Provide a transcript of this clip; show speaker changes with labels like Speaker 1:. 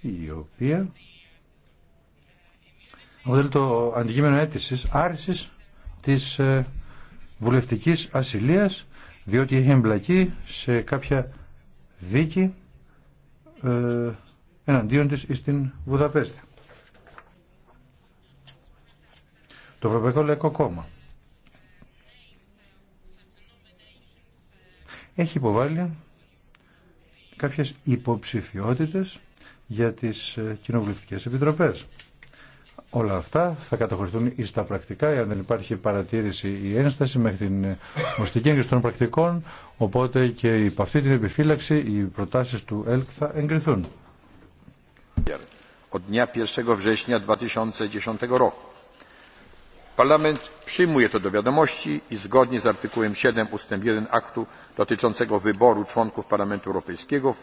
Speaker 1: η οποία αποτελεί το αντικείμενο αίτησης άρσης της ε, βουλευτικής ασυλίας διότι έχει εμπλακεί σε κάποια δίκη ε, εναντίον της στην Βουδαπέστη. Το Ευρωπαϊκό Λαϊκό Κόμμα έχει υποβάλει κάποιες υποψηφιότητες για τις ε, κοινοβουλευτικές επιτροπές. Όλα αυτά θα καταχωρηθούν εις τα πρακτικά, εάν δεν υπάρχει παρατήρηση ή ένσταση μέχρι την μοστική ε, έγκριση των πρακτικών, οπότε και υπ' αυτή την επιφύλαξη οι προτάσεις του ΕΛΚ θα εγκριθούν.
Speaker 2: Od 1 2010 Parlament przyjmuje to do wiadomości i zgodnie z artykułem 7 ustęp jeden aktu dotyczącego wyboru członków Parlamentu Europejskiego